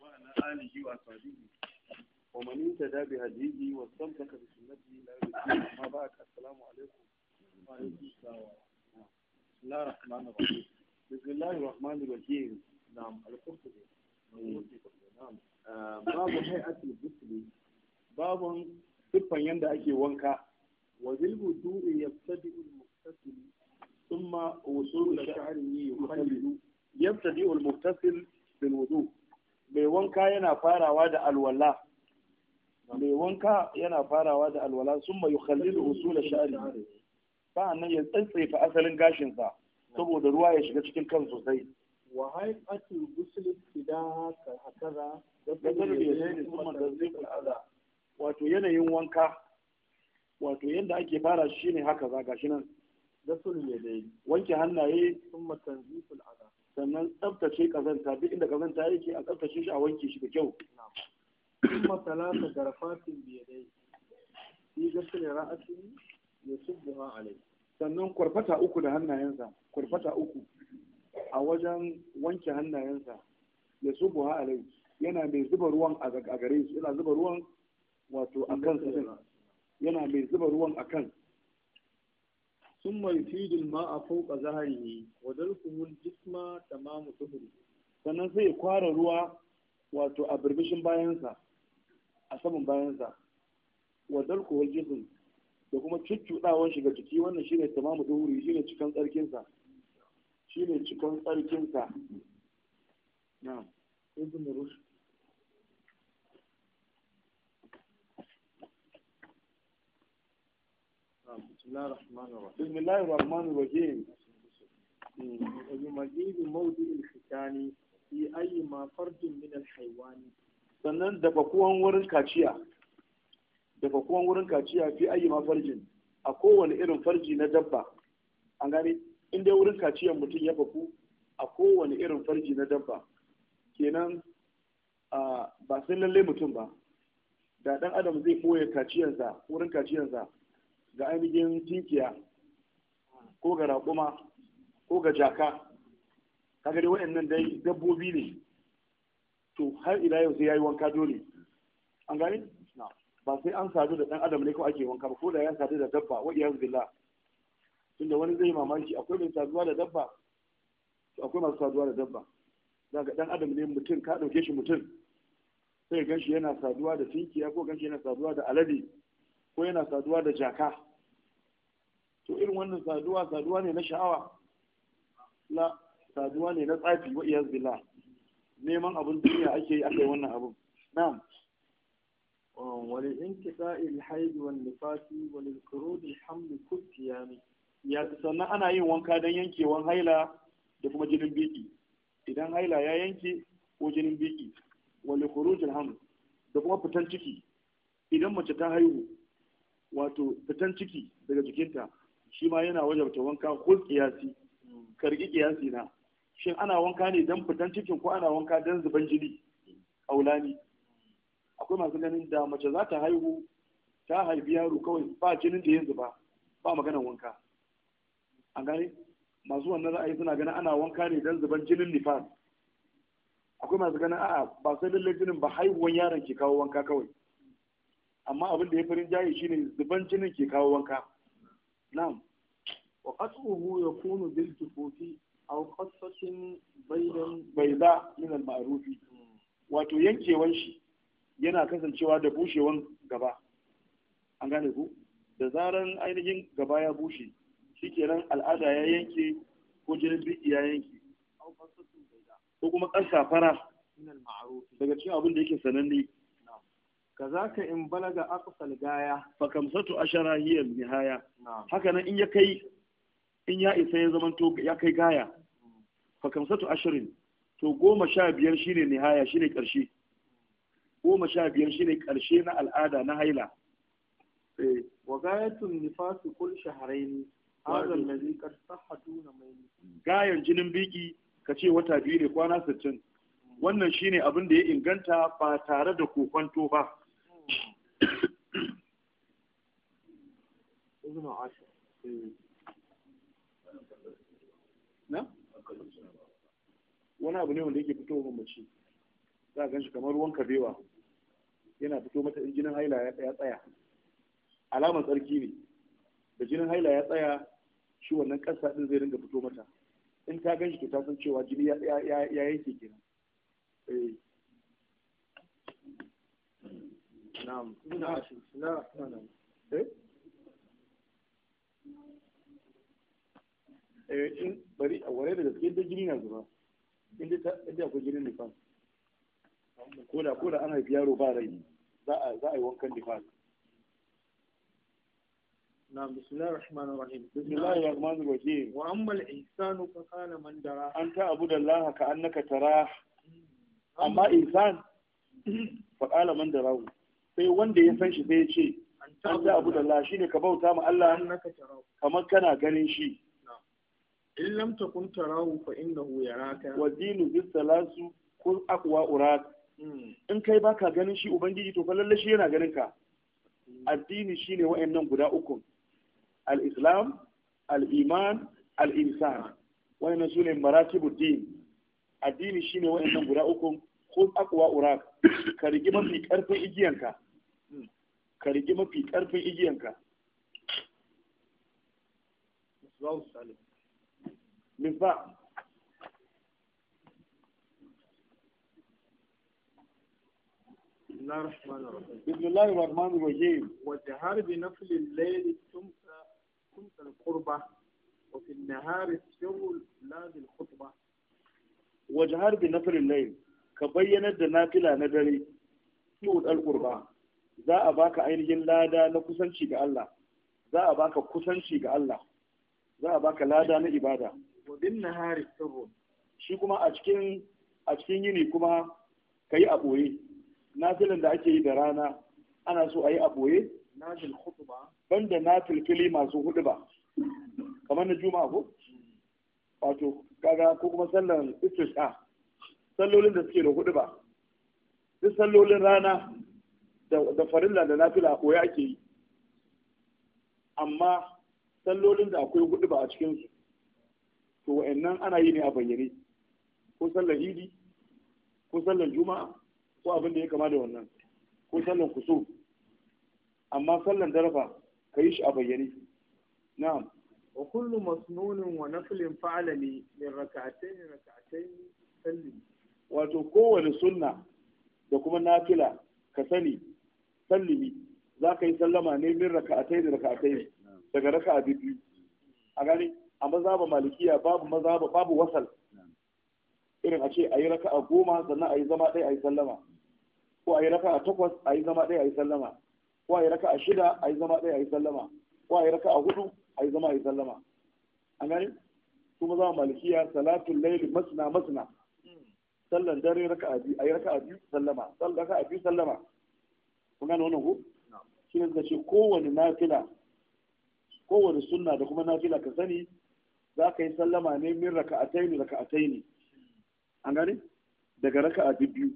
وعلى آله وأصحابه ومن اهتدى بهديه واستمسك بسنته إلى يوم أما بعد السلام عليكم وعليكم السلام بسم الله الرحمن الرحيم بسم الله الرحمن الرحيم نعم القرطبي نعم باب هيئة الغسل باب siffan yadda ake wanka wa zilgu du'i yabtadi al-muhtasil thumma wusul sha'rihi yuqallidu yabtadi al-muhtasil bil wudu' mai wanka yana farawa da alwala mai wanka yana farawa da alwala sun mai da usul sha'ri nan ya tsantsefa asalin gashinsa saboda ruwa ya shiga cikin kan sosai wa haiqatul ghusl ibtida'a ka hakaza da da wato yanayin wanka wato yadda ake fara shi ne haka za gashi nan da sun wanke hannaye sun matanziful adha sannan tsabtace kazanta duk inda kazanta yake a tsabtace shi a wanke shi da kyau kuma talata garfatin biyadai shi gasar ra'asi ya subbuha alai sannan kwarfata uku da hannayensa kwarfata uku a wajen wanke hannayensa ya subbuha alai yana mai zuba ruwan a gare shi yana zuba ruwan wato a kansa yana mai zuba ruwan a kan ثم يفيد الماء فوق ظهره ودلكه الجسم تمام طهره sannan sai ya kwara ruwa wato a birbishin bayansa a saman bayansa wa dalko wal jism da kuma cuccuɗawan shiga jiki wannan shine tamamu duhuri shine cikan tsarkinsa shine cikan tsarkinsa na'am ibn rushe. بسم الله الرحمن الرحيم ويمجيد موضع الختان في أي ما فرد من الحيوان sannan dafakuwan wurin kaciya dafakuwan wurin kaciya fi ayi ma farjin a kowane irin farji na dabba an gane in dai wurin kaciyan mutum ya faku a kowane irin farji na dabba kenan ba sai lalle mutum ba da dan adam zai boye kaciyansa wurin kaciyansa ga ainihin tinkiya ko ga raƙuma ko ga jaka kaga dai nan dai dabbobi ne to har ila yau sai yayi wanka dole an gani? ba sai an sadu da ɗan adam ne ko ake wanka ba ko da ya sadu da dabba wa iyaz billah tunda wani zai mamaki akwai mai saduwa da dabba to akwai masu saduwa da dabba ga ɗan adam ne mutum ka ɗauke shi mutum sai ganshi yana saduwa da tinkiya ko ganshi yana saduwa da alade ko yana saduwa da jaka to irin wannan saduwa saduwa ne na sha'awa la saduwa ne na tsafi wa iyaz billah neman abin duniya ake yi akai wannan abin na'am ولانقطاع الحيض والنفاس وللقرود الحمل كل قيام ya sannan ana yin wanka don yankewan haila da kuma jinin biki idan haila ya yanke ko jinin biki wal khurujul haml da kuma fitan ciki idan mace ta haihu wato fitan ciki daga jikinta shi ma yana wajabta wanka ko kiyasi kargi kiyasi na shin ana wanka ne dan fitan cikin ko ana wanka dan zuban jini aulani akwai masu ganin da mace za ta haihu ta haifi yaro kawai ba jinin da ya zuba ba maganar wanka an gane masu wannan ra'ayi suna ganin ana wanka ne dan zuban jinin nifas akwai masu ganin a'a ba sai lallai jinin ba haihuwan yaron ke kawo wanka kawai amma abin da ya farin jayi shine zuban jinin ke kawo wanka نعم وقطعه يكون بالجفوف أو قصة بيضاء بيضاء من المعروف wato yankewan shi yana kasancewa da bushewan gaba da zaran ainihin gaba ya bushe shikenan al'ada ya yanke ko jinin biki ya yanke ko kuma ƙasa fara daga cikin abin da yake sananne kazaka in balaga aqsal gaya fa kamsatu ashara hiya nihaya haka nan in ya kai in ya isa ya zamanto ya kai gaya fa kamsatu ashirin to goma sha biyar shine nihaya shine karshe goma sha biyar shine karshe na al'ada na haila eh, wa gayatun nifasu kul shahrayn hadha alladhi qad sahaduna mai gayan jinin biki ka ce wata biyu ne kwana 60 wannan shine abin da ya inganta ba tare da kokonto ba na? wani abu ne wanda yake fito wa mace za a ganshi kamar ruwan kabewa yana fito mata in jinin haila ya tsaya alamar tsarki ne da jinin haila ya tsaya shi wannan ƙasa ɗin zai ringa fito mata in ta ganshi to ta san cewa jini ya yanke kenan eh. na'am na'am eh in bari a ware da gaske da jini na zuba inda akwai jinin nifas ko da ko da ana yaro ba rai za a za a yi wankan nifas نعم بسم الله الرحمن الرحيم بسم الله الرحمن الرحيم وأما الإنسان فكان من دراه أن ka annaka tara. Amma أما إنسان فقال من sai wanda ya san shi sai ya ce an ta abu da Allah ne ka bauta ma Allah kamar kana ganin shi in lam takun tarahu fa innahu yaraka wa dinu bisalasu salasu kul aqwa urak hmm. in kai baka ganin shi ubangiji to fa lalle shi yana ganin ka addini shine wayannan guda uku al-islam al-iman al-insan wayannan sune din. addini shine wayannan guda uku kul aqwa urak ka rigi mafi karfin igiyanka كاريجي ka rigi أنكا karfin igiyanka misbah بسم الله الرحمن الرحيم والجهار بنفل الليل تمسى تمسى القربة وفي النهار السر لا بالخطبة وجهار بنفل الليل كبين الدنافلة ندري تود القربة za a baka ainihin lada na kusanci ga Allah za a baka kusanci ga Allah za a baka lada na ibada wabin na hari sirrun shi kuma a cikin a cikin yini kuma yi a boye nafilin da ake yi da rana ana so a yi a boye nafil khutba banda nafil fili masu ba. kamar na juma'a ko wato kaga ko kuma sallan A. sallolin da suke da ba. duk sallolin rana da farilla da nafila koya ake yi amma sallolin da akwai hudu ba a cikinsu to wa'annan ana yi ne a bayyane ko sallar idi ko sallar juma'a ko abin da ya kama da wannan ko sallar kuso amma sallar darfa ka yi shi a bayyane na'am wa kullu masnunin wa nafilin fa'ala ne min raka'atayn raka'atayn sallin wato kowane sunna da kuma nafila ka sani sallimi za ka yi sallama ne min raka'atai da raka'atai daga raka'a biyu a gani a mazaba malikiya babu mazaba babu wasal irin a ce a yi raka'a goma sannan a yi zama ɗaya a yi sallama ko a yi raka'a takwas a yi zama ɗaya a yi sallama ko a yi raka'a shida a yi zama ɗaya a yi sallama ko a yi raka'a hudu a yi zama a yi sallama a gani su mazaba malikiya salatul laili masna masna sallan dare raka'a biyu a yi raka'a biyu sallama sallan raka'a biyu sallama Kuna gane wannan ku? shi ne suka ce kowane nafila kowane sunna da kuma nafila ka sani za ka yi sallama ne min taini raka a taini. an gani. daga raka'a biyu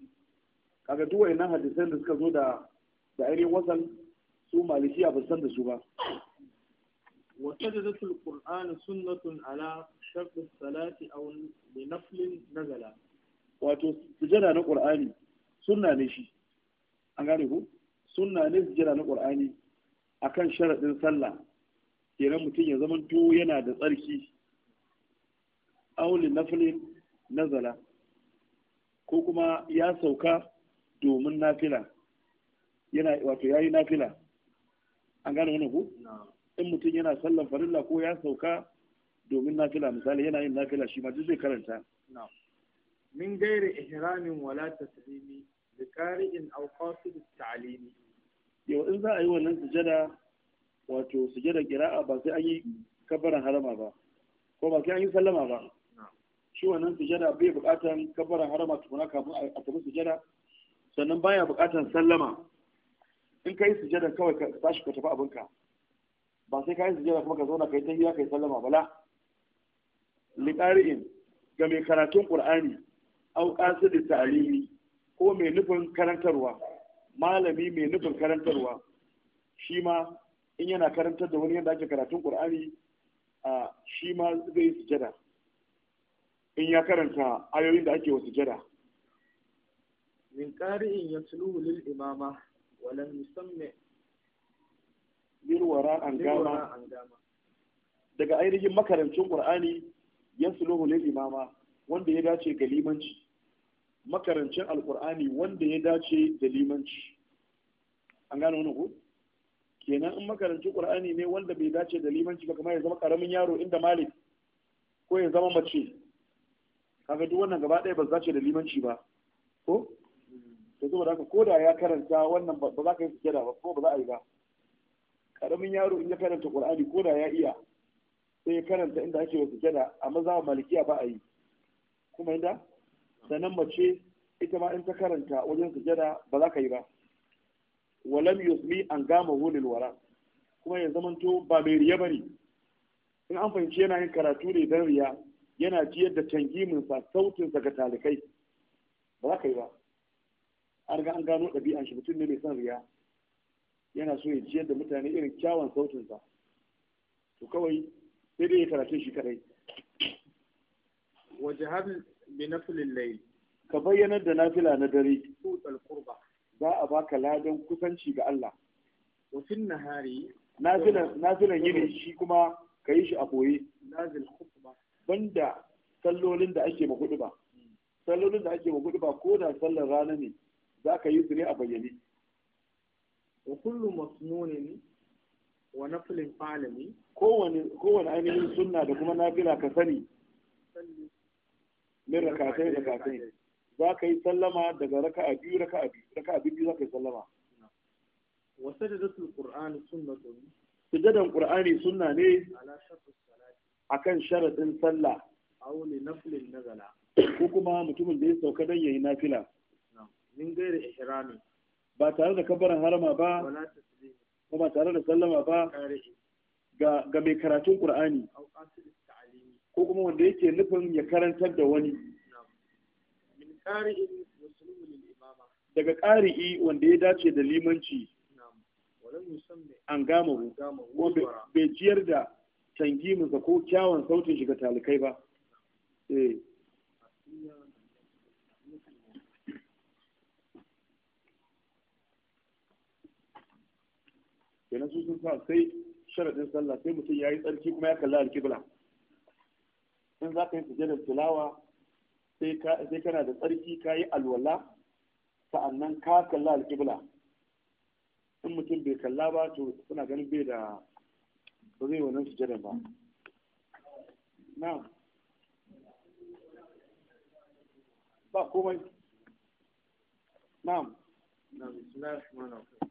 kaga duk wayannan hadisan da suka zo da da ainihin wasan su malikiya ba san da su ba وتجدت القرآن سنة على شرط الصلاة أو لنفل نزلا wato sujada na ƙur'ani sunna ne shi an gani ku sunna ne su jira na a akan sharaɗin sallah kenan mutum ya zama to yana da tsarki auli nafilin nazala ko kuma ya sauka domin nafila yana wato ya yi nafila an gane wani ku in mutum yana sallan farilla ko ya sauka domin nafila misali yana yin nafila shi ma duk zai karanta min gairi ihramin wala taslimi li qari'in aw qasid at-ta'limi yau in za a yi wannan sujada wato sujada kira'a ba sai an yi kabaran harama ba ko ba sai an yi sallama ba shi wannan sujada bai bukatan kabaran harama tukuna kafin a tafi sujada sannan baya bukatan sallama in ka yi sujada kawai ka tashi ka tafi abinka ba sai ka yi sujada kuma ka zauna ka yi tahiya ka yi sallama bala liqari'in ga mai karatun qur'ani au qasid ta'alimi ko mai nufin karantarwa malami mai nufin karantarwa shi ma in yana karantar da wani yadda ake karatun ƙur'ani a shi ma zai yi sujada in ya karanta ayoyin da ake wa sujada min qari'in yatluhu lil imama wa lam yusammi lirwara an gama daga ainihin makarancin ƙur'ani yasluhu lil imama wanda ya dace ga limanci makarancin alkur'ani wanda ya dace da limanci an gane wani ku kenan in makarancin qur'ani ne wanda bai dace da limanci ba kamar ya zama karamin yaro inda malik ko ya zama mace kaga duk wannan gaba ɗaya ba dace da limanci ba ko to saboda haka koda ya karanta wannan ba za ka yi sujada ba ko ba za a yi ba karamin yaro in ya karanta qur'ani koda ya iya sai ya karanta inda ake wa sujada a maza malikiya ba a yi kuma inda sanan mace ita ma in ta karanta wajen sujada ba za ka yi ba walam yusmi an gama hulil wara kuma ya zamanto ba mai riya bane in an fahimci yana yin karatu ne dan riya yana jiyar da sautin sautinsa ga talikai ba za ka yi ba an ga an gano ɗabi'an shi mutum ne mai son riya yana so ya ji da mutane irin kyawun sa to kawai sai dai ya karatun shi kadai ka bayyanar da nafila na dare tutal qurba za a baka ladan kusanci ga Allah wa fin nahari nafilan nafilan yini shi kuma ka yi shi a boye nazil da sallolin da ake ma ba ko da sallar rana ne za ka yi su ne a bayyane wa kullu masnunin kowane ainihin sunna da kuma nafila ka sani min rakatai rakatai za ka yi sallama daga raka a biyu raka a biyu raka a biyu za ka yi sallama wa sajadatul qur'ani sunnatun sujadan qur'ani sunna ne akan sharadin sallah aw li naflin nazala ko kuma mutumin da ya sauka dan yayi nafila min gairi ihrami ba tare da kabarin harama ba ko ba tare da sallama ba ga mai karatun qur'ani ko kuma wanda yake nufin ya karantar da wani daga ƙari'i wanda ya dace da limanci an gama hu bai ciyar da tangiminsa ko kyawun sautin shiga talikai ba eh. kenan su sun sa sai sharaɗin sallah sai mutum ya yi tsarki kuma ya kalla alƙibla. in za ka yi sujadar tilawa sai kana da tsarki ka yi alwala sa'annan ka kalla alƙibla in mutum bai kalla ba to suna ganin bai da ba zai wannan sujadar ba na ba komai na'am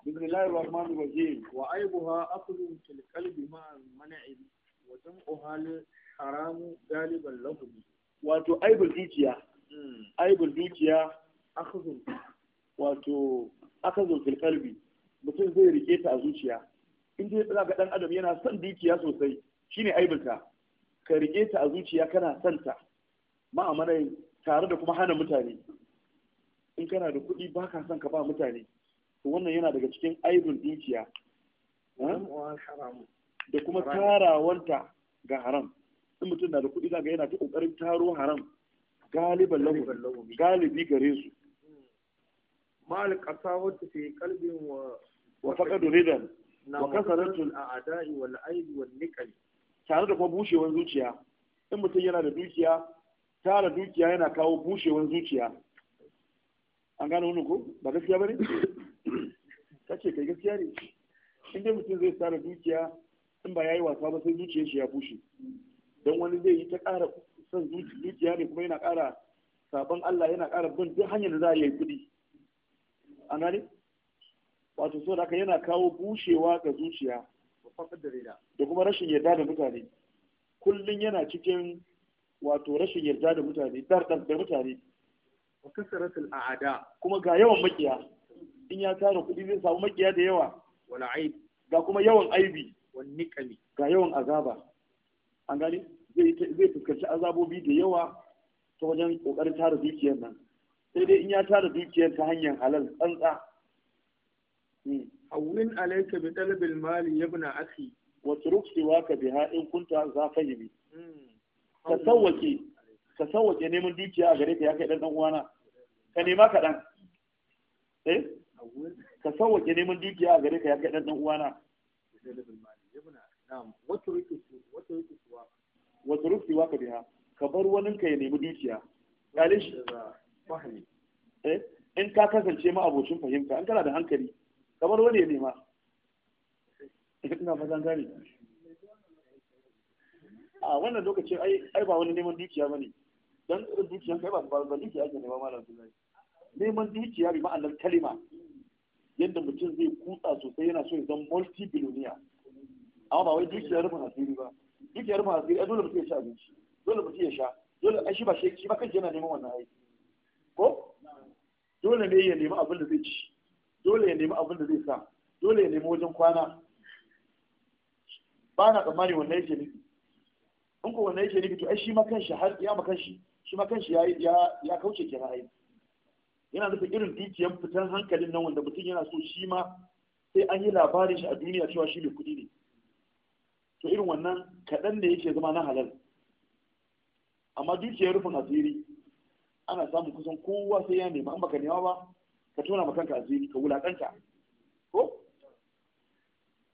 بسم الله الرحمن الرحيم وعيبها أخذ من القلب مع المنع وجمعها haramu galiban lahumi wato aibul dukiya hmm. aibul dukiya akhzun wato akhzun fil qalbi mutum zai rike ta a zuciya in dai za ga dan adam yana son dukiya sosai shine aibulta ka rike ta a zuciya kana son ta ma'amarai tare da kuma hana mutane in kana da kuɗi ba ka son ka ba mutane to wannan yana daga cikin aibun dukiya da kuma tarawanta ga haram in mutum na da kuɗi zaga yana ta ƙoƙarin taro haram galiban lahu galibi gare su hmm. mal wata fi qalbin wa wa faqad ridan wa kasaratu al-a'da'i wal aib wal niqal tare da kuma bushewar zuciya in mutum yana da dukiya tara dukiya yana kawo bushewar zuciya an gano wani ko ba gaskiya ba ne kace kai gaskiya ne in dai mutum zai tara dukiya in ba ya yi wasa ba sai zuciyar shi ya bushe don wani zai yi ta ƙara son zuciya ne kuma yana ƙara sabon Allah yana ƙara bin duk hanyar da za a yi kuɗi A gane wato so da yana kawo bushewa ga zuciya da kuma rashin yarda da mutane kullum yana cikin wato rashin yarda da mutane dardar da mutane wa kasaratul a'ada kuma ga yawan makiya in ya tara kuɗi zai samu makiya da yawa wala aibi. ga kuma yawan aibi Wani niqami ga yawan azaba an gani zai fuskanci azabobi da yawa ta wajen kokarin tara dukiyar nan sai dai in ya tara dukiyar ta hanyar halal tsantsa hawwin hmm. alayka bi talabil mali yabna akhi wa turuk biha in kunta za fahimi ka sawwake hmm. ka sawwake neman dukiya a gare ka ya kai dan dan uwana ka nema eh? ka dan eh ka sawwake neman dukiya a gare ka ya kai dan dan uwana wata rufi waka biya ka bar waninka ya nemi dukiya eh in ka kasance ma abocin fahimta an kana da hankali ka bar wani ya nema ina fatan gane a wannan lokacin ai ba wani neman dukiya ba ne don irin dukiya kai ba ba dukiya ake nema malam sunan neman dukiya bi ma'anar kalima yadda mutum zai kutsa sosai yana so ya zama multi billionaire amma ba wai dukiyar rufin asiri ba dukiyar rufin asiri a dole mutum ya ci abinci dole mutum ya sha dole a shi ba shi shi ba kan yana neman wannan aiki ko dole ne ya nemi abin da zai ci dole ya nemi abin da zai sa dole ya nemi wajen kwana ba na tsammani wannan yake nufi in ko wannan yake nufi to ai shi ma kanshi har ya ma kanshi shi ma kanshi ya ya kauce kenan ai yana nufin irin dukiyar fitan hankalin nan wanda mutum yana so shi ma sai an yi labarin shi a duniya cewa shi mai kuɗi ne to irin wannan kaɗan ne yake zama na halal amma dukiyar rufin asiri ana samun kusan kowa sai ya nema an baka nema ba ka tona ma kanka asiri ka wulaƙanta ko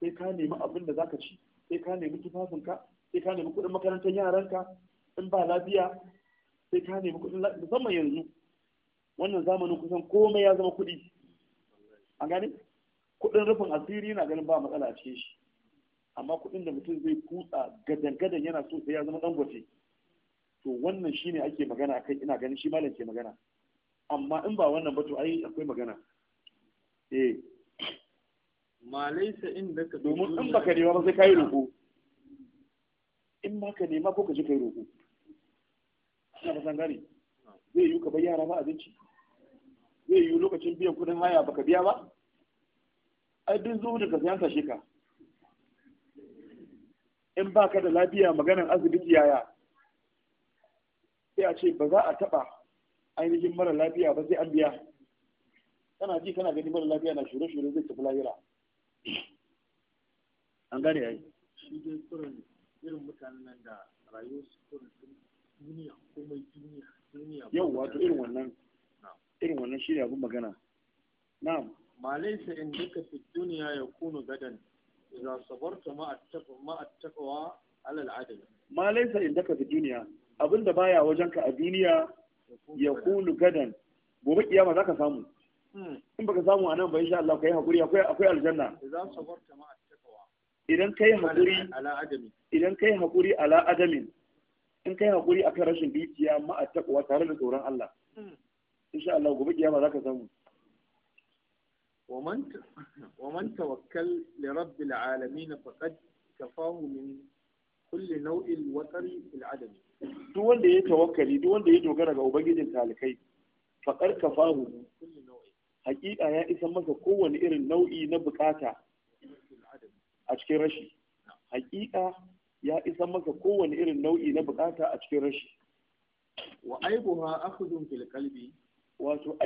sai ka nemi abin da zaka ci sai ka nemi tufafinka sai ka nemi kuɗin makarantar yaranka in ba lafiya sai ka nemi kuɗin lafiya musamman yanzu wannan zamanin kusan komai ya zama kuɗi an gane kuɗin rufin asiri na ganin ba matsala a cikin shi amma kuɗin da mutum zai kutsa gadan-gadan yana so sai ya zama dangote to wannan shine ake magana akai ina ganin shi malam ke magana amma in ba wannan ba to ai akwai magana eh in da ka domin in ba ka nema ba sai kai roƙo in ma ka nema ko ka je kai roƙo ina ba gane zai yi ka bayyana ba abinci zai yi lokacin biyan kuɗin haya baka biya ba ai duk zuwa da ka sayan ka in ba ka da lafiya maganan asibiti yaya sai a ce ba za a taɓa ainihin mara lafiya ba sai an biya kana ji kana gani mara lafiya na shure-shure zai tafi lahira an gane yayi shi dai kurin irin mutanen nan da rayuwar su duniya komai duniya duniya yau wato irin wannan irin wannan shi ne abin magana na'am malaysa in duka duniya ya kunu gadan idza sabarta ma attaqwa ma attaqwa ala al'adl ma laysa duniya abinda baya wajenka a duniya ya kunu gadan gobe kiyama zaka samu in baka samu a nan ba insha Allah kai hakuri akwai aljanna idan sabarta ma attaqwa idan kai idan kai hakuri ala adamin in kai hakuri akan rashin dukiya ma tare da tsoron Allah insha Allah gobe kiyama zaka samu ومن توكل لرب العالمين فقد كفاه من كل نوع الوتر العدم duk wanda ya tawakkali duk wanda ya dogara ga ubangijin talikai faƙar kafahu hakika ya isa masa kowane irin nau'i na bukata a cikin rashi hakika ya isa masa kowane irin nau'i na bukata a cikin rashi wa aibuha fil qalbi wato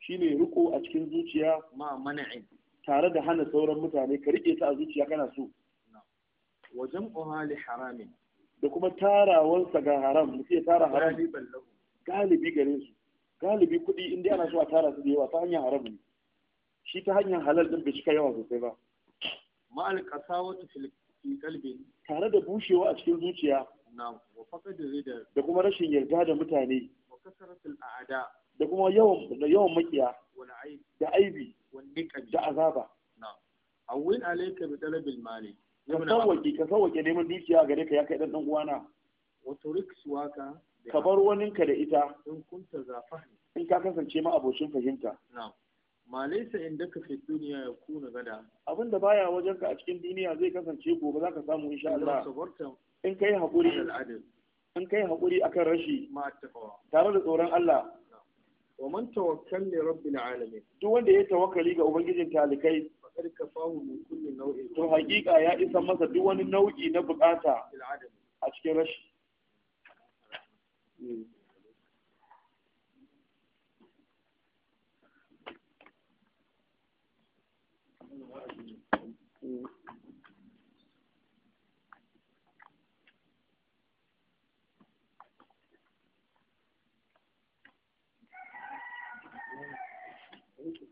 shine riko a cikin zuciya ma mana'in tare da hana sauran mutane ka rike ta a zuciya kana so Wajen ohali harami. da kuma tarawansa ga haram mutum ya tara haram galibi gare su galibi kuɗi in dai ana so a tara su da yawa ta hanyar haram ne shi ta hanyar halal din bai cika yawa sosai ba ma'al qasawatu fil qalbi tare da bushewa a cikin zuciya da kuma rashin yarda da mutane da kuma yawan yawan makiya da aibi da azaba a wani alayka bi talabil mali ka sawwake ka sawwake neman dukiya gare ka ya kai ɗan uwana wa suwaka ka bar waninka da ita in ta zafa in ka kasance ma abocin fahimta na'am ma laysa indaka fi ya kuna gada abinda baya wajen ka a cikin duniya zai kasance gobe zaka samu insha Allah in kai haƙuri. in kai hakuri akan rashi tare da tsoron Allah wa man tawakkal li rabbil duk wanda ya tawakkali ga ubangijin talikai faqad kafahu min kulli nau'in to hakika ya isa masa duk wani nau'i na bukata a cikin rashi Mm-hmm.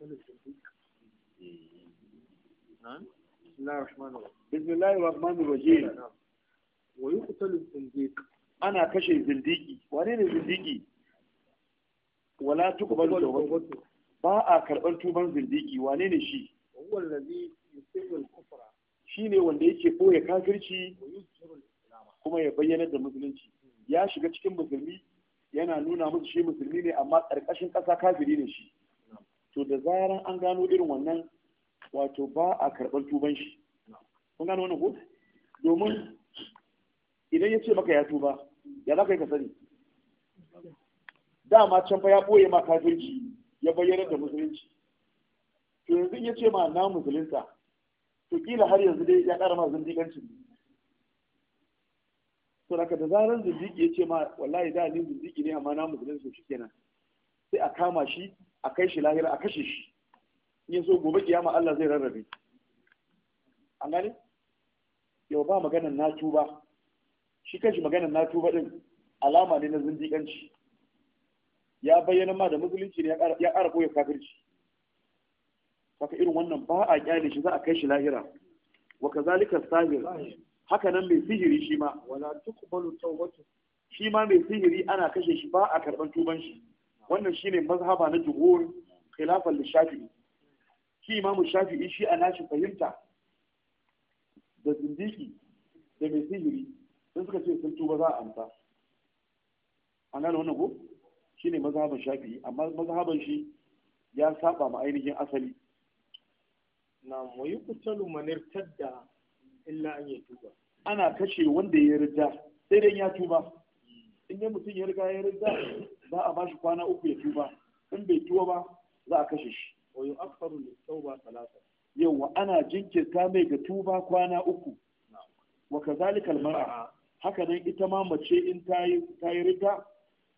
بسم الله الرحمن الرحيم ويقتل الزنديق أنا كشي زنديقي وأنا زنديقي ولا تقبل توبته ba a karɓar tuban zindiki wane ne shi shi ne wanda yake ɓoye kafirci kuma ya bayyana da musulunci ya shiga cikin musulmi yana nuna musu shi musulmi ne amma ƙarƙashin ƙasa kafiri ne shi to da zaran an gano irin wannan wato ba a karɓar tuban shi kun gano wannan ko domin idan ya ce maka ya tuba ya za ka yi ka sani dama can fa ya ɓoye ma kafirci ya bayyana da musulunci to yanzu ya ce ma na musulunta to kila har yanzu dai ya ƙara ma zindigancin to daga da zaran zindigi ya ce ma wallahi da ni zindigi ne amma na musulunci shi kenan sai a kama shi a kai shi lahira a kashe shi in so gobe kiyama Allah zai rarrabe an gane yau ba maganar na tuba shi kanshi maganar na tuba din alama ne na zindiganci ya bayyana ma da musulunci ne ya ƙara boye kafirci haka irin wannan ba a kyale shi za a kai shi lahira wa kazalika sahir haka nan mai sihiri shi ma wala tuqbalu tawbatu shi ma mai sihiri ana kashe shi ba a karban tuban shi wannan shine mazhaba na jumhur khilafan li shafi'i shi imamu shafi'i shi a nashi fahimta da zindiki da mai sihiri sun suka ce sun tuba za a amsa an gane wannan ko shi ne mazhaban shafi'i amma mazhaban shi ya saba ma ainihin asali na mu yi kutalu manir tadda illa an yi tuba ana kashe wanda ya rida sai dai ya tuba in ya mutum ya riga ya riga za a bashi kwana uku ya tuba in bai tuba ba za a kashe shi wa yu'akhiru lit-tauba talata. yawa ana jinkirta mai ga tuba kwana uku wa kazalika al-mar'a haka nan ita ma mace in ta yi ta yi riga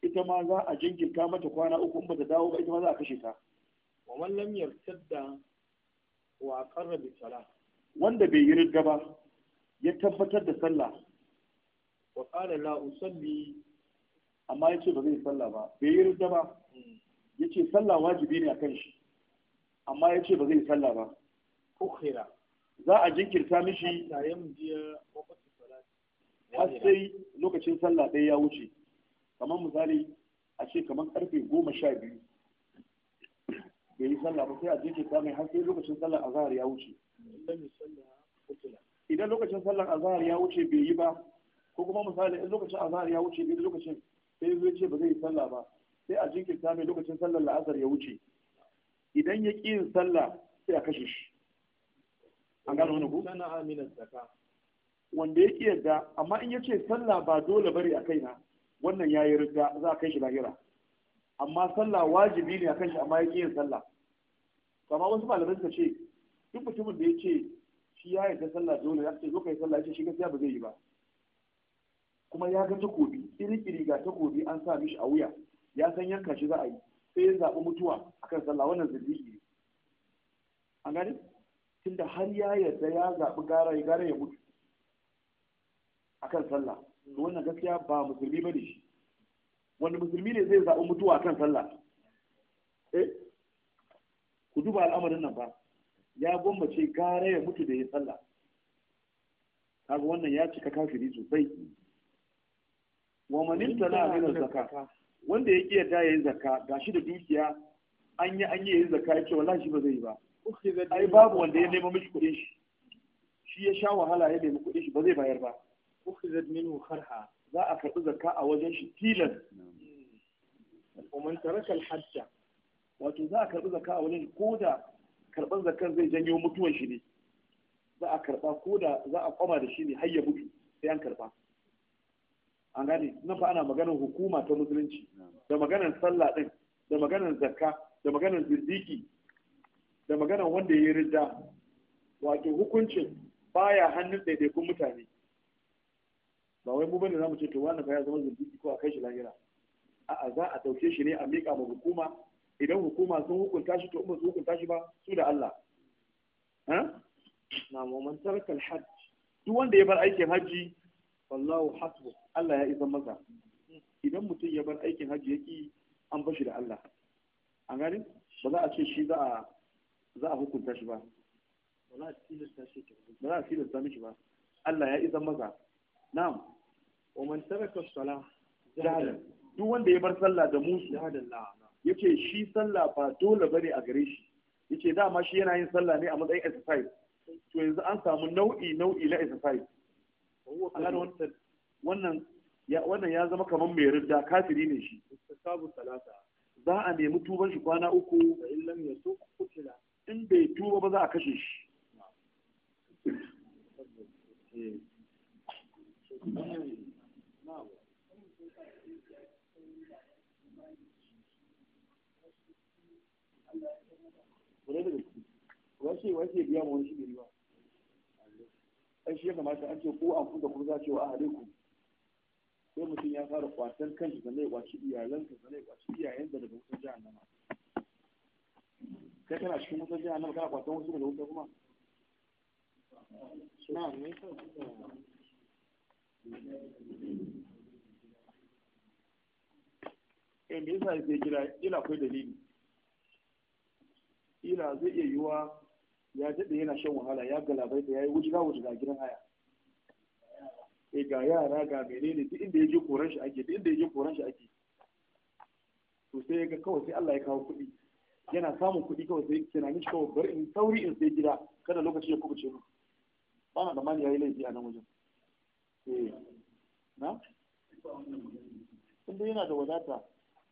ita ma za a jinkirta mata kwana uku in bata dawo ba ita ma za a kashe ta wa man lam yartadda wa aqarra bi wanda bai yi riga ba ya tabbatar da sallah wa qala la usalli amma ya ce ba zai yi sallah ba bai yi rudda ba ya ce sallah wajibi ne a kan shi amma ya ce ba zai yi sallah ba ukhira za a jinkirta mishi har sai lokacin sallah ɗaya ya wuce kamar misali a ce kamar karfe goma sha biyu bai yi sallah ba sai a jinkirta mai har sai lokacin sallah zahar ya wuce idan lokacin sallar zahar ya wuce bai yi ba ko kuma misali in lokacin zahar ya wuce bai lokacin sai zai ce ba zai yi sallah ba sai a jinkirta mai lokacin sallar la'asar ya wuce idan ya ƙi yin sallah sai a kashe shi an gano wani ku sana aminan zaka wanda ya ƙi yadda amma in ya ce sallah ba dole bari a kaina wannan ya yi rida za a kai shi lahira amma sallah wajibi ne a kan shi amma ya ƙi yin sallah amma wasu malamai suka ce duk mutumin da ya ce shi ya ta sallah dole ya ce zo ka yi sallah ya ce shi gaskiya ba zai yi ba kuma ya ga takobi kirkiri ga takobi an sa mishi a wuya ya san yanka shi za a yi sai ya zaɓi mutuwa akan sallah wannan A an gani tunda har ya yarda ya zaɓi gara ya gara ya mutu akan sallah to wannan gaskiya ba musulmi ba ne shi wanda musulmi ne zai zaɓi mutuwa akan sallah eh ku duba al'amarin nan ba ya gwammace gara ya mutu da ya sallah kaga wannan ya cika kafiri sosai wa manin tana min zakka wanda ya kiyar da yayin zakka gashi da dukiya an yi an yi yayin zakka yace wallahi shi ba zai yi ba ai babu wanda ya nemo mishi kuɗin shi shi ya sha wahala ya nemi kuɗin shi ba zai bayar ba ukhizat minhu kharha za a karɓi zakka a wajen shi tilas wa man taraka al-hajja wato za a karɓi zakka a wajen ko da karɓar zakkar zai janyo mutuwan shi ne za a karɓa ko da za a kwama da shi ne har ya mutu sai an karɓa an gane na fa ana maganar hukuma ta musulunci da maganar sallah din da maganar zakka da maganar zindiki da maganar wanda ya yi ridda wato hukuncin baya hannun ɗaiɗaikun mutane ba wai mu bane za mu ce to wannan fa ya zama zindiki ko a kai shi lahira a'a za a ɗauke shi ne a miƙa ma hukuma idan hukuma sun hukunta shi to in ba su hukunta shi ba su da Allah na mu man taraka al-hajj duk wanda ya bar aikin hajji wallahu hasbuh Allah ya isa masa idan mutum ya bar aikin hajji yaki an bashi da Allah an gani ba za a ce shi za a hukunta shi ba ba za a tilasta shi ba za a mishi ba Allah ya isa masa na'am wa man taraka salah duk wanda ya bar sallah da musu ya yace shi sallah ba dole bane a gare shi yace dama shi yana yin sallah ne a matsayin exercise to yanzu an samu nau'i nau'i na exercise wannan ya zama kamar mai rida kafiri ne shi istisabu salata za a nemi tuban shi kwana uku in lam yasu kutila in bai tuba ba za a kashe shi washe wace biya ma wani shi ne ba ai shi ya kamata an ce ko an kuka kuma za a ce wa ahalekum sai mutum ya fara kwatan kan sannan ya kwaci iyalanka sannan ya kwaci iyayen da daga wutar nama kai kana cikin wutar nama kana kwatan wasu daga wutar kuma na me yasa eh yasa yake kira ila akwai dalili ila zai iya yiwa ya daɗe yana shan wahala ya galabaita ya yi wujiga wujiga gidan haya E, ga yara ga menene duk inda yaje koran shi ake duk inda yaje koran shi ake to sai ga kawai sai Allah ya kawo kuɗi yana samun kuɗi kawai sai kina shi kawai bari in sauri in sai gida kada lokaci ya kubuce mu ba na tsammani yayi laifi a nan wajen eh na inda yana da wadata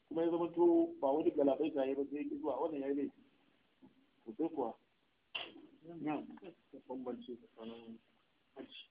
kuma ya zama to ba wani galabai ta yi ba sai ya zuwa wannan yayi laifi to sai kuwa na bambance tsakanin aji.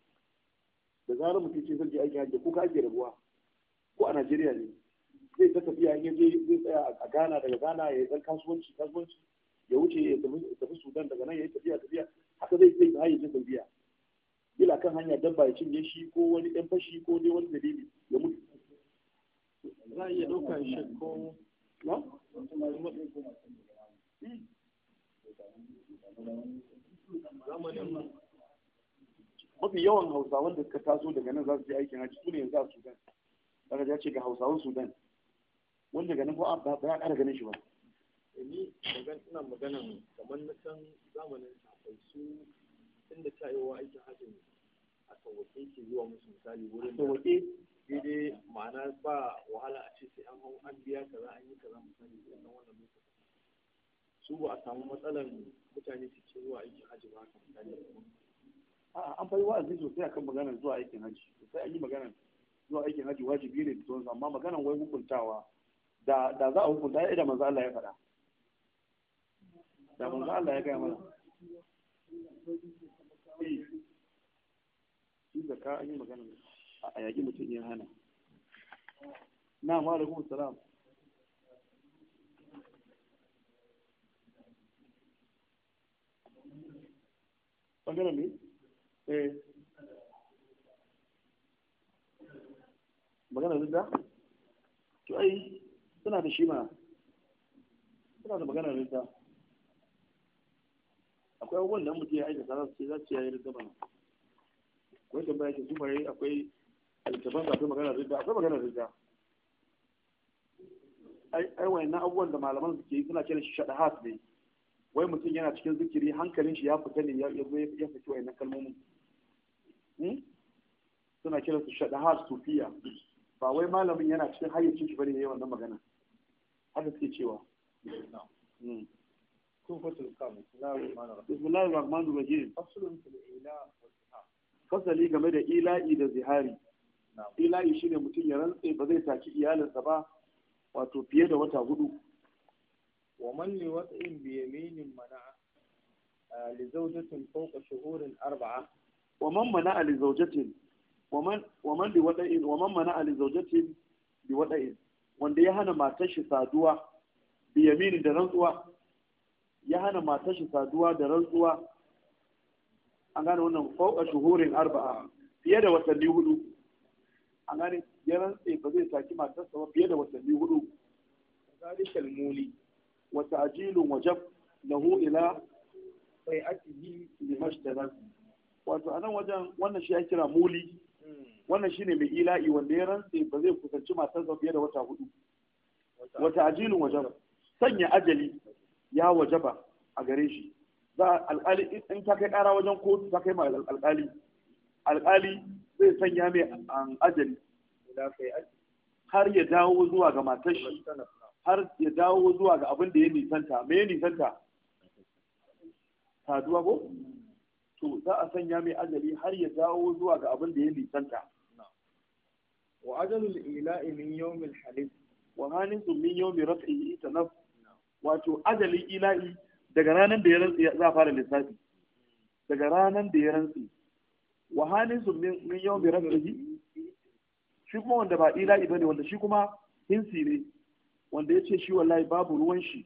da zarar mutum ce zai aikin hajji ko ka ake rabuwa ko a Najeriya ne zai ta tafiya in je zai tsaya a Ghana daga Ghana ya yi kasuwanci kasuwanci ya wuce ya tafi Sudan daga nan ya yi tafiya tafiya haka zai zai haye ta tafiya bila kan hanya dabba ya cinye shi ko wani ɗan fashi ko dai wani dalili ya mutu za a iya ɗauka shi ko na? zamanin mafi yawan hausawan da suka taso daga nan za su je aikin haji su ne yanzu a sudan daga ya ce ga hausawan sudan wanda ganin ko ba ya kara ganin shi ba eh, ni daga ina magana kamar na can zamanin akwai su inda ta yi wa aikin hajji a sauwaƙe ke zuwa musu misali wurin da ke. daidai ma'ana ba wahala a ce sai an hau an biya za an yi sani, misali na wannan lokacin su ba a samu matsalar mutane su ke zuwa aikin haji ba haka misali a'a an fayi wa'azi sosai akan maganar zuwa aikin hajji sai an yi maganar zuwa aikin hajji wajibi ne da sauransu amma maganar wai hukuntawa da da za a hukunta ya da manzo Allah ya faɗa da manzo Allah ya gaya mana shi zaka an yi maganar a yaƙi mutum ya hana na ma kuma salam ɓangaren ne Eh. magana ridda to ai suna da shi mana suna da magana ridda akwai abubuwan da mutum ya aikata za su ce za su yayi ridda mana akwai tambaya ke sumaye akwai alitaban da akwai magana ridda akwai magana ridda ai na abubuwan da malaman suke yi suna kiran shi shadahat ne wai mutum yana cikin zikiri hankalin shi ya fita ne ya zo ya na wayannan kalmomin Hmm? suna kira su shadahar sufiya ba wai malamin yana cikin hayyacin shi bane yayin wannan magana haka suke cewa hmm. Fasali game da ila'i da zihari. Ila'i shine mutum ya rantse ba zai taki iyalinsa ba wato fiye da wata hudu. Wa man li wat'in bi yaminin mana eh, li zawjatin fawqa shuhurin arba'a wa man mana ali zaujatin wa man li wada'in wa mana ali zaujatin li wada'in wanda ya hana matar shi saduwa bi yaminin da rantsuwa ya hana matar shi saduwa da rantsuwa an gane wannan fauka shuhurin arba'a fiye da watanni hudu an gane ya rantse ba zai saki matarsa ba fiye da watanni hudu zalikal muli wa ta'jilun wajab lahu ila bai'atihi li mashtarazi wato a nan wajen wannan shi ya kira muli wannan shi ne mai ila'i wanda ya rantse ba zai kusanci matarsa fiye da wata hudu wata ajilin ba. sanya ajali ya wajaba a gare shi za alkali in ta kai ƙara wajen kotu ta kai ma alƙali alƙali zai sanya mai ajali har ya dawo zuwa ga matar shi har ya dawo zuwa ga abin da ya nisanta me ya nisanta saduwa ko to za a sanya mai ajali har ya dawo zuwa ga abin da ya nisanta wa ajalul ila'i min yawmil halif wa hanisu min yawmi raf'ihi tanaf wato ajalin ila'i daga ranar da ya rantsi za a fara lissafi daga ranar da ya rantsi wa hanisu min yawmi raf'ihi shi kuma wanda ba ila'i bane wanda shi kuma hinsi ne wanda ya ce shi wallahi babu ruwan shi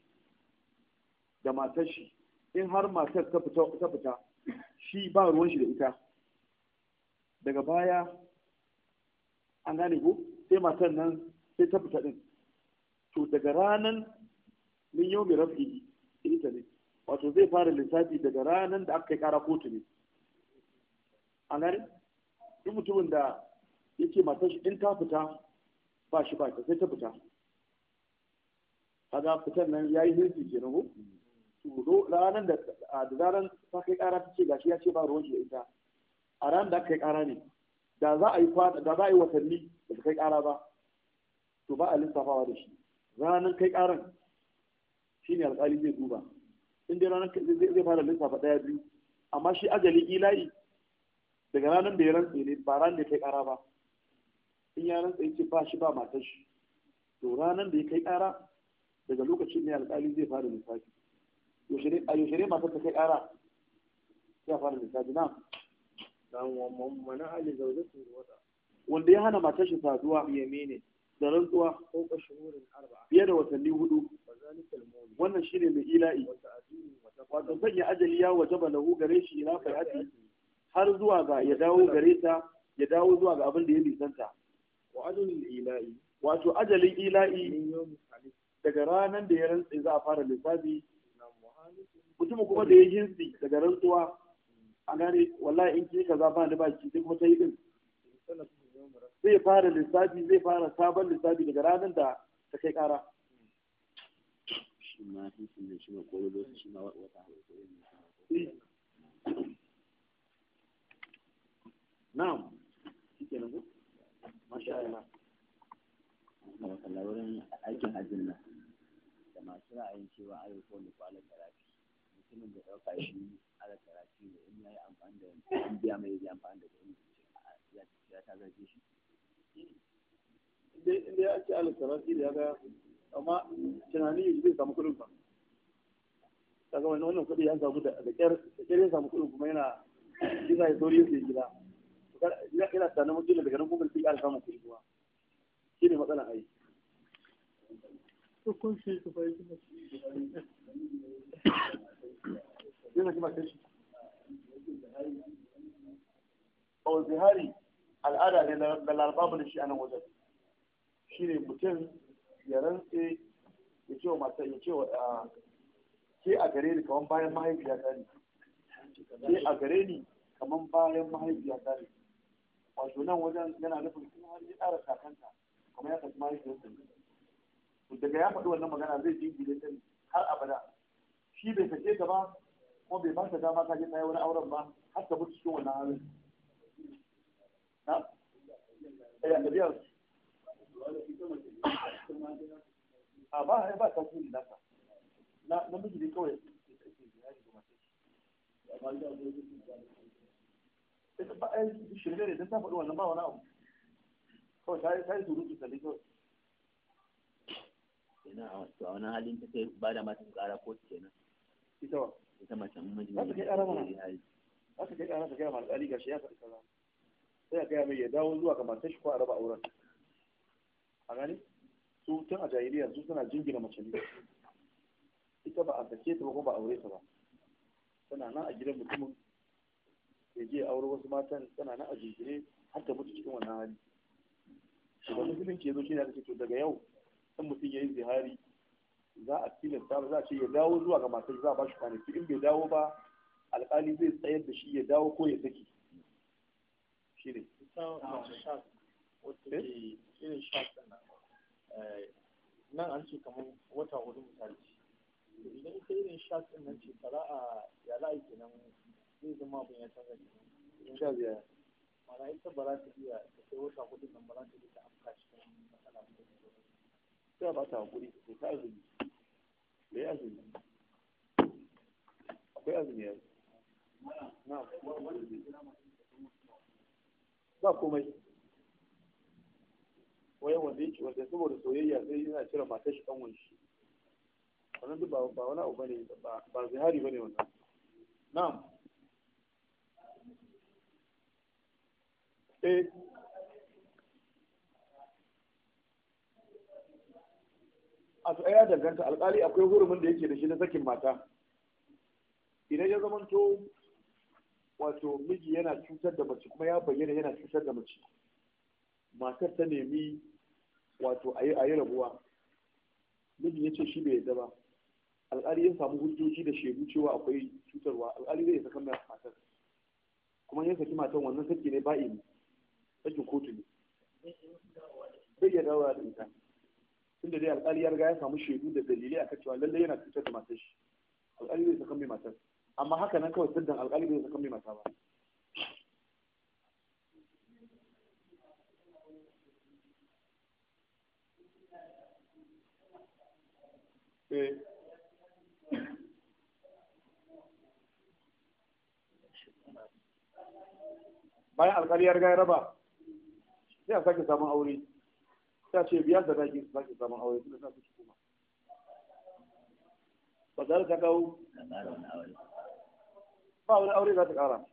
da matar shi in har matar ta fita shi ba ruwan shi da ita daga baya an gane ko sai matan nan sai ta fita din to daga ranan min yau mai rafi ita ne wato zai fara lissafi daga ranan da aka kai kara kotu ne an gane duk mutumin da yake matan shi in ta fita ba shi ba ta sai ta fita kaga fitan nan yayi hirji kenan ko to ranar da da zaran ta kai kara ta ce gashi ya ce ba ruwan shi da ita a ranar da aka kai kara ne da za a yi kwana da za a yi watanni da ta kai kara ba to ba a lissafawa da shi ranar kai karan shine alƙali zai duba in dai ranar zai fara lissafa ɗaya biyu amma shi ajali ila'i daga ranar da ya rantse ne ba ran da ya kai kara ba in ya rantse ya ce ba shi ba matar shi to ranar da ya kai kara daga lokacin ne alƙali zai fara lissafi a yaushe matar ta kai ƙara ya fara lissafi na mana hali zaujatu wata wanda ya hana matar shi saduwa yamine da rantsuwa ko kashurin arba'a fiye da watanni hudu wannan shine mai ila'i wato sanya ajali ya wajaba lahu gare shi ila fayati har zuwa ga ya dawo gare ta ya dawo zuwa ga abin da ya nisanta wato ajalin ila'i daga ranar da ya rantsi za a fara lissafi mutum kuma da ya jinsi daga rantsuwa a gane wallahi in ka za ba ni baki, duk wata yi din zai fara lissafi zai fara sabon lissafi daga ranar da ta kai kara shi na'am shike nan masha Allah na wata aikin hajjin nan da masu ra'ayin cewa ayyukan da da rafi mutumin da ɗauka shi ala karatu ne in ya yi amfani da in biya mai yi amfani da kuɗin ya ta zarge shi. Inda ya ce ala karatu ya ga amma tunani yanzu zai samu kuɗin ba. Kaga wani wannan kuɗi ya samu da ƙyar ya samu kuɗin kuma yana yana ya sauri yake gida. Yana mutum daga nan kuma sai ya samu kuɗi kuma. Shi ne matsalar aiki. fahimci zai saki matar shi o zihari al'ada ne na larabawa da shi a nan wajen shi ne mutum ya rantse ya ce wa matar ya ce wa ke a gare ni kamar bayan mahaifiya ne wato nan wajen yana nufin kuma har ya ƙara kakanta kamar ya tafi mahaifiyarsa daga ya faɗi wannan magana zai jingile ta har abada shi bai sake ta ba kuma bai ba dama ka je ta wani auren ba har ta mutu cikin wannan halin na eh, ya da biyar a ba ya eh, ba ta kuri nasa na na miji ne kawai ita ba a eh, yi shirme ne don ta faɗi wannan ba wani abu kawai ta yi surutu ta ne kawai ina a wani halin ta kai ba da matan kara kotu kenan ita wa ita mace in miji za ta kai ƙara mana za ta kai ƙara ta kai ma alƙali gashi ya faɗi kaza sai a kai mai ya dawo zuwa ga matar shi ko a raba auren a gani su tun a jahiliya su suna jingina mace ne ita ba a sake ta ba ko ba aure ta ba tana nan a gidan mutumin ya je aure wasu matan tana nan a jingine har ta mutu cikin wannan hali idan musulunci ya zo shi ne aka ce daga yau ɗan mutum ya yi zihari za a tilasta ba za a ce ya dawo zuwa ga matar za a bashi kwanaki in bai dawo ba alkali zai tsayar da shi ya dawo ko ya saki shi ne eh? eh, nan an ce kamar wata hudu misali idan ita irin shark nan ce fara a ya za a kenan zai zama abin ya canza ne sha biyar mana ita ba za ta iya ta kai wata hudu nan ba za ta iya ta afka cikin matsala ta ba ta hakuri ta azumi da ya azumi yi wayan wanda yake wanda saboda soyayya yi na cire shi kan ba wani abu bane ba bane wannan na'am a to ya danganta alƙali akwai hurumin da yake da shi na sakin mata idan ya zamanto wato miji yana cutar da mace kuma ya bayyana yana cutar da mace matar ta nemi wato a yi rabuwa miji ya ce shi bai yadda ba alƙali ya samu hujjoji da shaidu cewa akwai cutarwa alƙali zai saka matar kuma ya saki matan wannan saki ne ne sakin kotu ne zai iya wa da ita tunda dai alƙali ya riga ya samu shaidu da dalilai a cewa lallai yana cutar da matar shi alƙali bai sakan mai matar amma haka nan kawai sirdan alƙali bai sakan mai mata ba eh. bayan alƙali ya riga ya raba sai a sake samun aure ta ce biyar da zagin su sake samun aure kuma za su kuma ba za ta kawo ba wani aure za ta kara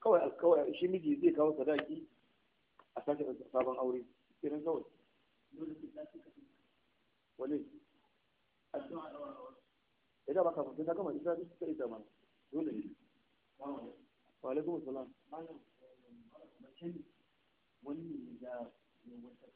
kawai kawai shi miji zai kawo sadaki a sake sabon aure kenan kawai wale ya ba ka fahimta kama isa suka ita mana dole ne wale kuma salam wani ne da wata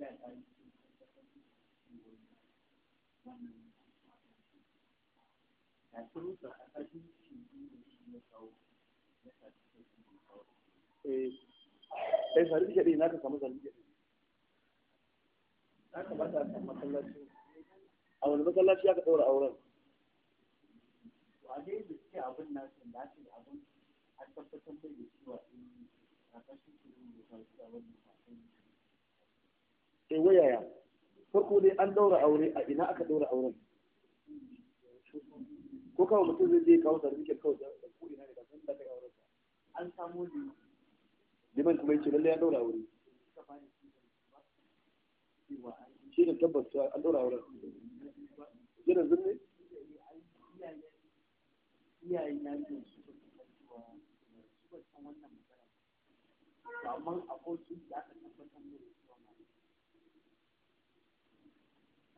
eh, eh wani gade ya ka wani ɗaura auren da suke abin abin an tabbatar da cewa in a ƙarshen shirin da ta e eh, wayaya farko dai an daura aure a ina aka daura auren ko kawai mutum zai je kawo ke kawai da ko ina ne da sun da daga auren an samu ne liman kuma yace lalle ya daura aure shi ne tabbas an daura auren jiran zurne iyaye na ne su ba san wannan magana amma abokin da aka tabbatar ne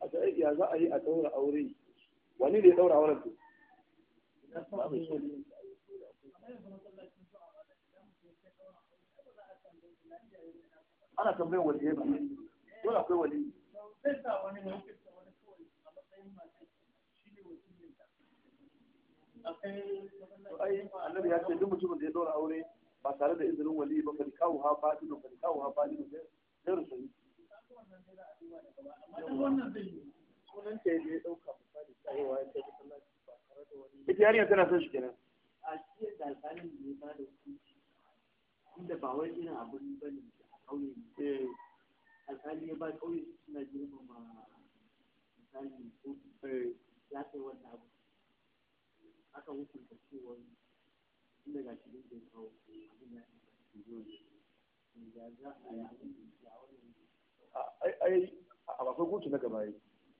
a ta za a yi a daura aure wani ne ya ɗaura auren to ana tambayar wani ya ba dole akwai wani annabi ya ce duk mutumin da ya ɗaura aure ba tare da izinin wali ba fa kawo ha ba dinu kawo ha ba sai ita yarinya tana son shi kenan a cikin ya inda ba wai irin abin ba ne a ƙauye ne eh. alƙali ya ba ƙauye suna girmama misali ko eh. ya kai wannan abu aka hukunta cewa inda ga shi da ya kawo abin ya ya za a yi abin da ya wani ai a bakwai gutu na gaba yi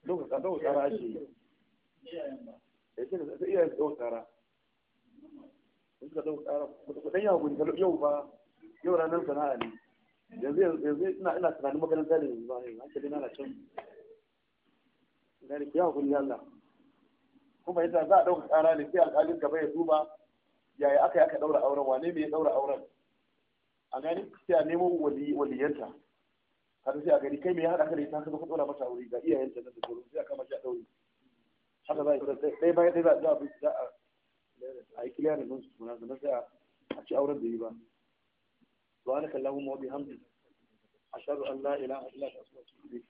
lokacin ɗaukar tsara ake yi ya ce ka iya su ɗaukar tsara in suka ɗaukar tsara kuɗin yawon gudu yau ba yau ranar sana'a ne yanzu yanzu ina ina tunanin maganin ne yanzu ba ne hankali na can gari ku yawon gudu Allah kuma yadda za a ɗauka ƙara ne sai alƙalin gaba ya duba yaya aka yi aka ɗaura auren wane ne ya ɗaura auren a gani sai a nemo waliyanta kada sai a gari kai mai haɗa kare ta kaga fa ɗora mata aure ga iyayen ta da sauran sai aka kama a ɗaure haka zai a yi ɗaya bayan ɗaya za a bi za a a yi kiliya da su suna sannan sai a ci auren da yi ba subhanaka allahumma wa bihamdika ashhadu an la ilaha illa anta astaghfiruka wa atubu ilayk